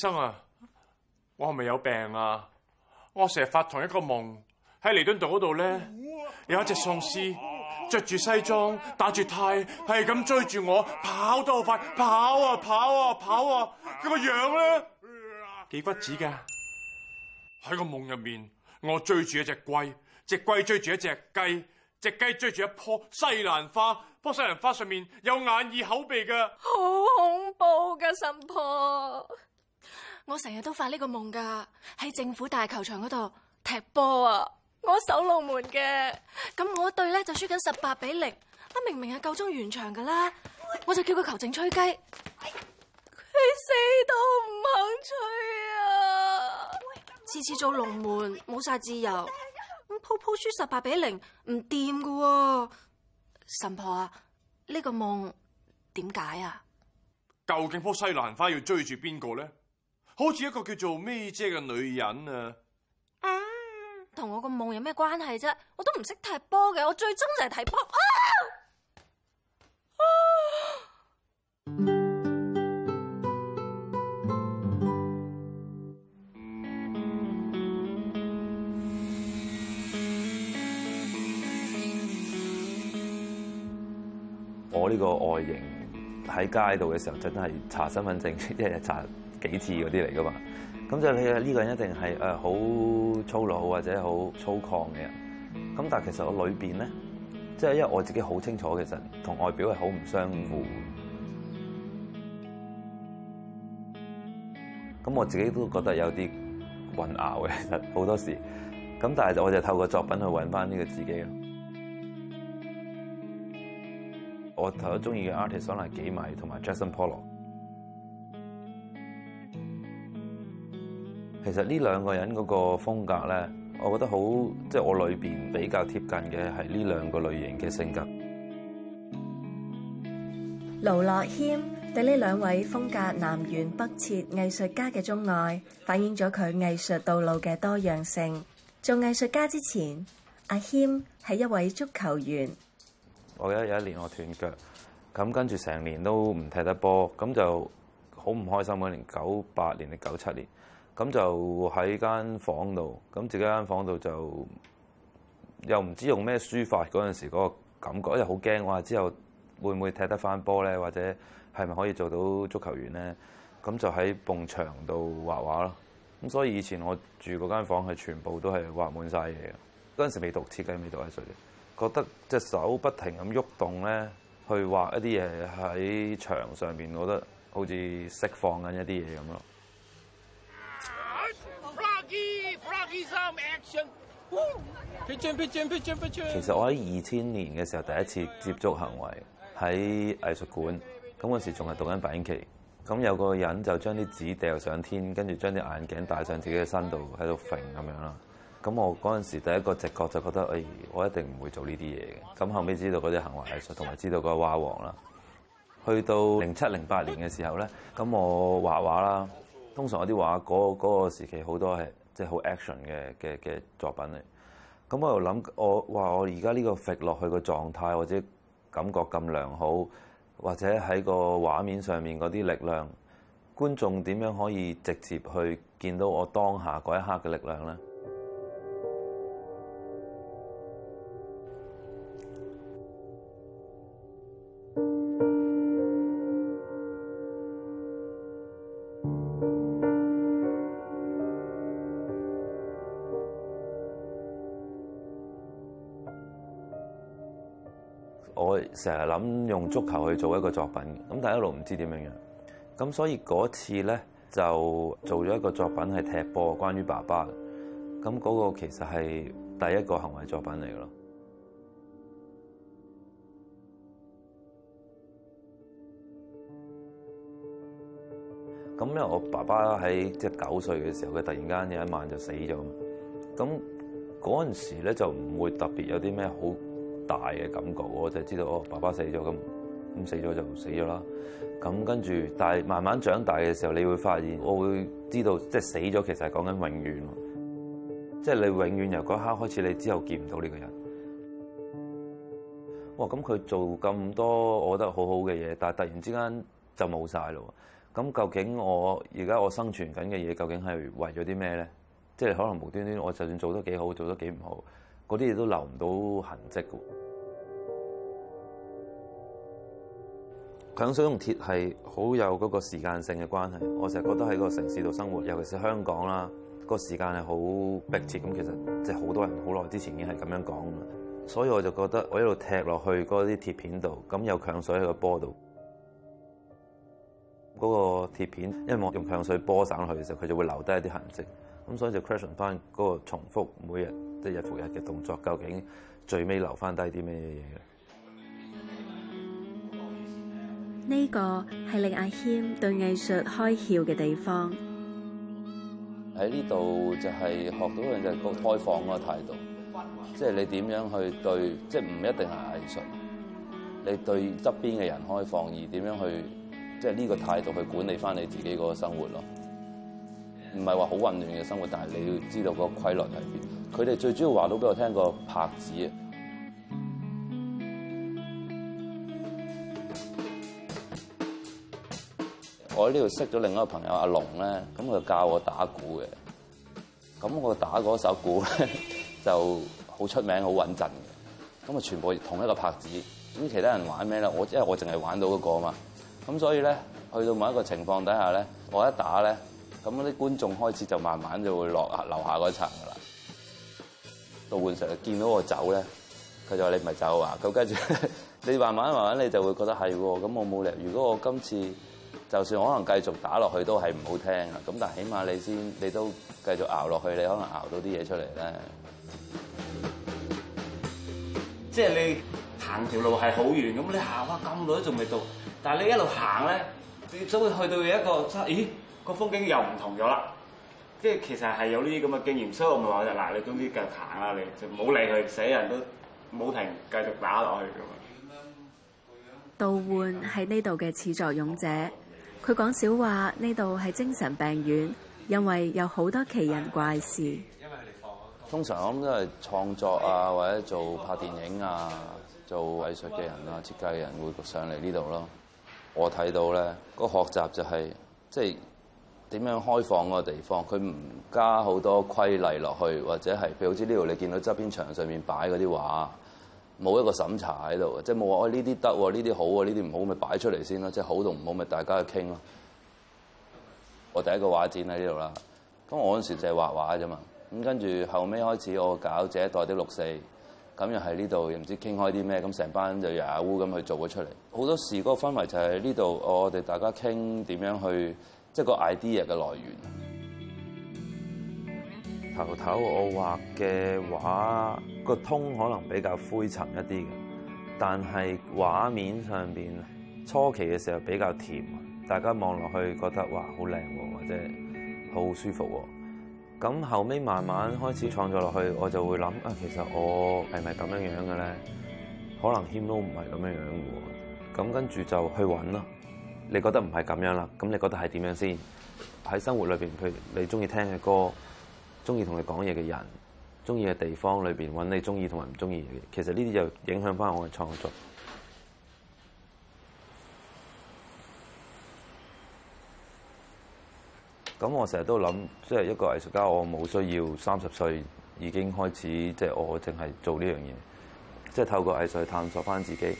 生啊！我係咪有病啊？我成日發同一個夢，喺彌敦道嗰度咧，有一隻喪屍着住西裝，戴住呔，係咁追住我跑得好快，跑啊跑啊跑啊！咁、啊、個樣咧幾骨子噶。喺個夢入面，我追住一隻龜，隻龜追住一隻雞，隻雞追住一棵西蘭花，棵西蘭花上面有眼耳口鼻嘅。好恐怖嘅，神婆。我成日都發呢個夢噶，喺政府大球場嗰度踢波啊！我守龍門嘅，咁我隊咧就輸緊十八比零，啊明明係夠鐘完場噶啦，我就叫佢球證吹雞，佢死都唔肯吹啊！次次做龍門冇晒自由，鋪鋪輸十八比零唔掂噶喎！神婆啊，呢個夢點解啊？究竟棵西蘭花要追住邊個咧？好似一個叫做咩姐嘅女人啊！嗯，同我個夢有咩關係啫？我都唔識踢波嘅，我最終就係踢波、啊啊、 我呢個外形喺街度嘅時候，真係查身份證一日查。幾次嗰啲嚟噶嘛？咁就你呢個人一定係誒好粗魯或者好粗獷嘅人。咁但係其實我裏邊咧，即係因為我自己好清楚其實同外表係好唔相符的。咁、嗯、我自己都覺得有啲混淆嘅，其實好多時。咁但係我就透過作品去揾翻呢個自己咯。我頭先中意嘅 artist 可能幾米同埋 Jackson Pollock。其實呢兩個人嗰個風格咧，我覺得好即係我裏邊比較貼近嘅係呢兩個類型嘅性格。盧樂謙對呢兩位風格南轅北轍藝術家嘅鍾愛，反映咗佢藝術道路嘅多樣性。做藝術家之前，阿謙係一位足球員。我記得有一年我斷腳，咁跟住成年都唔踢得波，咁就好唔開心。嗰年九八年定九七年。咁就喺間房度，咁自己間房度就又唔知用咩書法嗰陣時嗰個感覺，因為好驚哇！之後會唔會踢得翻波咧？或者係咪可以做到足球員咧？咁就喺埲牆度畫畫咯。咁所以以前我住嗰間房係全部都係畫滿曬嘢。嗰陣時未讀設計，未讀藝術嘅，覺得隻手不停咁喐動咧，去畫一啲嘢喺牆上面，我覺得好似釋放緊一啲嘢咁咯。其實我喺二千年嘅時候第一次接觸行為喺藝術館，咁嗰時仲係讀緊白英奇，咁有個人就將啲紙掉上天，跟住將啲眼鏡戴上自己嘅身度喺度揈咁樣啦。咁我嗰陣時第一個直覺就覺得，哎，我一定唔會做呢啲嘢嘅。咁後尾知道嗰啲行為藝術，同埋知道嗰個蛙王啦。去到零七零八年嘅時候咧，咁我畫畫啦，通常我啲畫嗰嗰、嗰個時期好多係。即係好 action 嘅嘅嘅作品嚟，咁我又諗我話，我而家呢個落去個狀態或者感覺咁良好，或者喺個畫面上面啲力量，觀眾點樣可以直接去見到我當下嗰一刻嘅力量咧？成日諗用足球去做一個作品，咁但一路唔知點樣樣，咁所以嗰次咧就做咗一個作品係踢波，關於爸爸，咁嗰個其實係第一個行為作品嚟嘅咯。咁因為我爸爸喺即係九歲嘅時候，佢突然間有一晚就死咗，咁嗰陣時咧就唔會特別有啲咩好。大嘅感覺，我就係知道，哦，爸爸死咗咁，咁死咗就死咗啦。咁跟住，但係慢慢長大嘅時候，你會發現，我會知道，即係死咗其實係講緊永遠咯，即係你永遠由嗰一刻開始，你之後見唔到呢個人。哇！咁佢做咁多，我覺得好好嘅嘢，但係突然之間就冇晒咯。咁究竟我而家我生存緊嘅嘢，究竟係為咗啲咩咧？即係可能無端端，我就算做得幾好，做得幾唔好。嗰啲嘢都留唔到痕跡嘅喎，強水同鐵係好有嗰個時間性嘅關係。我成日覺得喺個城市度生活，尤其是香港啦，個時間係好迫切。咁其實即係好多人好耐之前已經係咁樣講啦。所以我就覺得我一路踢落去嗰啲鐵片度，咁有強水喺個波度，嗰個鐵片，因為我用強水波散落去嘅時候，佢就會留低一啲痕跡。咁所以就 question 翻嗰個重複每日即係日復日嘅動作，究竟最尾留翻低啲咩嘢嘢？呢個係令阿謙對藝術開竅嘅地方。喺呢度就係學到嘅就係個開放嗰個態度，即係你點樣去對，即係唔一定係藝術，你對側邊嘅人開放，而點樣去即係呢個態度去管理翻你自己嗰個生活咯。唔係話好混亂嘅生活，但係你要知道個規律喺邊。佢哋最主要話到俾我聽個拍子啊！我喺呢度識咗另一個朋友阿龍咧，咁佢教我打鼓嘅。咁我打嗰首鼓咧就好出名，好穩陣嘅。咁啊，全部同一個拍子。咁其他人玩咩咧？我即係我淨係玩到嗰個啊嘛。咁所以咧，去到某一個情況底下咧，我一打咧。咁嗰啲觀眾開始就慢慢就會落下樓下嗰層㗎啦。到晉成見到我走咧，佢就話：你唔係走啊！咁跟住你慢慢慢慢你就會覺得係喎。咁我冇力，如果我今次就算我可能繼續打落去都係唔好聽啊。咁但係起碼你先你都繼續熬落去，你可能熬到啲嘢出嚟咧。即係你行條路係好遠咁，你行翻咁耐都仲未到，但係你一路行咧，你都會去到一個咦？個風景又唔同咗啦，即係其實係有呢啲咁嘅經驗，所以我咪話就嗱，你總之繼續行你就冇理佢，死人都冇停，繼續打落去咁啊。杜換喺呢度嘅始作俑者，佢講少話呢度係精神病院，因為有好多奇人怪事。通常我諗都係創作啊，或者做拍電影啊、做藝術嘅人啦、設計嘅人會上嚟呢度咯。我睇到咧，個學習就係、是、即係。點樣開放個地方？佢唔加好多規例落去，或者係譬如，好似呢度你見到側邊牆上面擺嗰啲畫，冇一個審查喺度，即係冇話。哎、啊，呢啲得，呢啲好啊，呢啲唔好咪擺出嚟先咯。即係好同唔好咪大家去傾咯。我第一個畫展喺呢度啦。咁我嗰時就係畫畫啫嘛。咁跟住後尾開始我搞呢一代啲六四，咁又喺呢度，又唔知傾開啲咩，咁成班就 yahoo 咁去做咗出嚟。好多時嗰個氛圍就係呢度，我哋大家傾點樣去。即係個 idea 嘅來源。頭頭我畫嘅畫，那個 tone 可能比較灰沉一啲嘅，但係畫面上邊，初期嘅時候比較甜，大家望落去覺得哇好靚、啊、或者好舒服、啊。咁後尾慢慢開始創作落去，我就會諗啊，其實我係咪咁樣樣嘅咧？可能 Him 都唔係咁樣樣喎。咁跟住就去揾啦。你覺得唔係咁樣啦，咁你覺得係點樣先？喺生活裏面，譬如你中意聽嘅歌，中意同你講嘢嘅人，中意嘅地方裏邊揾你中意同埋唔中意嘅嘢。其實呢啲就影響翻我嘅創作。咁我成日都諗，即係一個藝術家，我冇需要三十歲已經開始，即係我淨係做呢樣嘢，即係透過藝術去探索翻自己。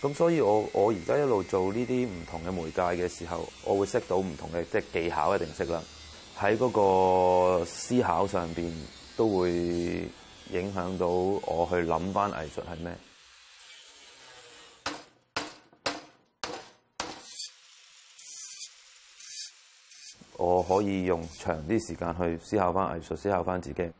咁所以我，我我而家一路做呢啲唔同嘅媒介嘅時候，我會識到唔同嘅即係技巧一定識啦。喺嗰個思考上面都會影響到我去諗翻藝術係咩。我可以用長啲時間去思考翻藝術，思考翻自己。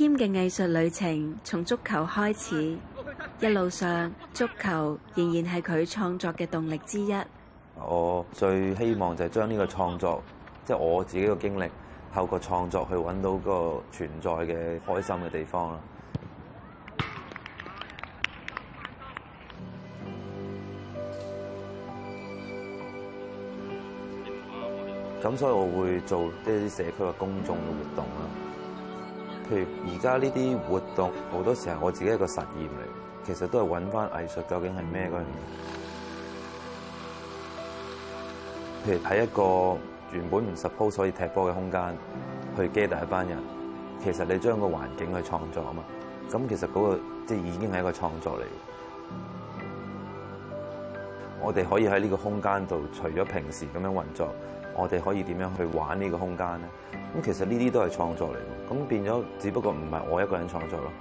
謙嘅藝術旅程從足球開始，一路上足球仍然係佢創作嘅動力之一。我最希望就係將呢個創作，即係我自己嘅經歷，透過創作去揾到個存在嘅開心嘅地方啦。咁 所以我會做啲社區嘅公眾嘅活動啦。譬如而家呢啲活動，好多時候我自己一個實驗嚟，其實都係揾翻藝術究竟係咩嗰樣嘢。譬如喺一個原本唔 suppose 可以踢波嘅空間，去 gather 一班人，其實你將個環境去創作啊嘛，咁其實嗰個即係已經係一個創作嚟。我哋可以喺呢個空間度，除咗平時咁樣運作。我哋可以點樣去玩呢個空間咧？咁其實呢啲都係創作嚟嘅，咁變咗，只不過唔係我一個人創作咯。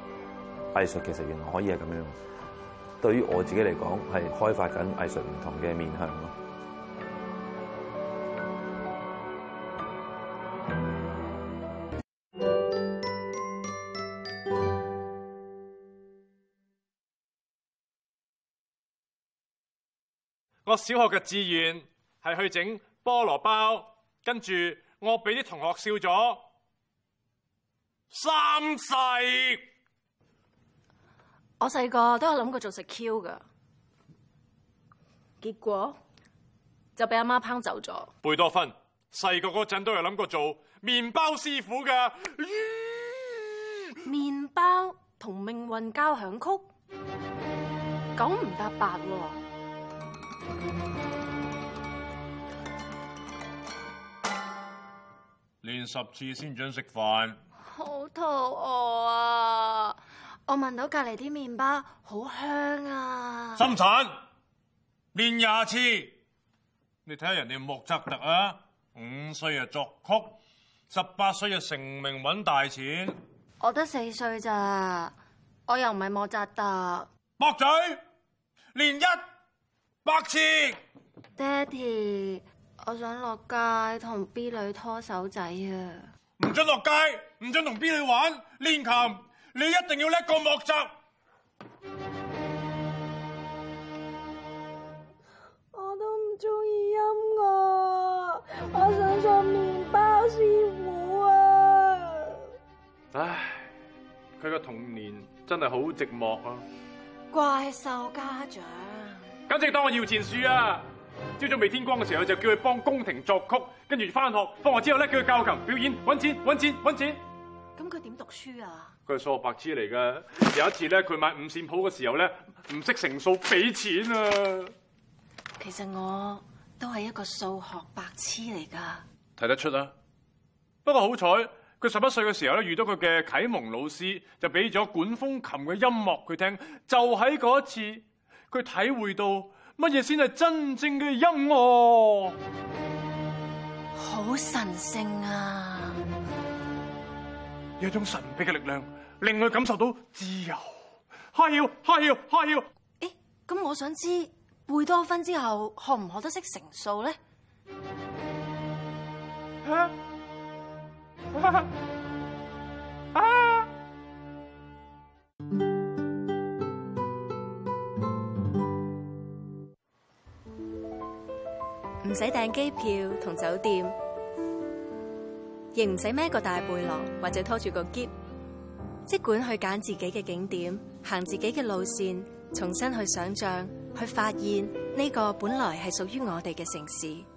藝術其實原來可以係咁樣。對於我自己嚟講，係開發緊藝術唔同嘅面向咯。我小學嘅志願係去整菠蘿包，跟住我俾啲同學笑咗三世。我細個都有諗過做食 Q 噶，結果就俾阿媽抨走咗。貝多芬細個嗰陣都有諗過做麵包師傅噶，麵包同命運交響曲九唔搭八喎。練十次先准食飯，好肚餓啊！我聞到隔籬啲麵包好香啊！深神練廿次，你睇下人哋莫扎特啊，五歲啊作曲，十八歲啊成名搵大錢。我得四歲咋，我又唔係莫扎特。駁嘴，練一百次。爹哋。我想落街同 B 女拖手仔啊！唔准落街，唔准同 B 女玩。練琴，你一定要叻過莫澤。我都唔中意音樂，我想做麵包師傅啊！唉，佢個童年真係好寂寞啊！怪獸家長，簡直當我搖錢樹啊！朝早未天光嘅時候就叫佢幫宮廷作曲，跟住翻學，放學之後咧叫佢教琴表演，搵錢搵錢搵錢。咁佢點讀書啊？佢係數學白痴嚟噶，有一次咧佢買五線譜嘅時候咧唔識乘數俾錢啊。其實我都係一個數學白痴嚟噶，睇得出啊。不過好彩，佢十一歲嘅時候咧遇到佢嘅啟蒙老師，就俾咗管風琴嘅音樂佢聽，就喺嗰一次佢體會到。乜嘢先係真正嘅音樂？好神聖啊！有一種神秘嘅力量，令佢感受到自由。嗨要、啊，嗨要、啊，嗨要、啊！誒，咁我想知貝多芬之後學唔學得識成數咧？啊！ 唔使訂機票同酒店，亦唔使孭個大背囊或者拖住個篋，即管去揀自己嘅景點，行自己嘅路線，重新去想象，去發現呢個本來係屬於我哋嘅城市。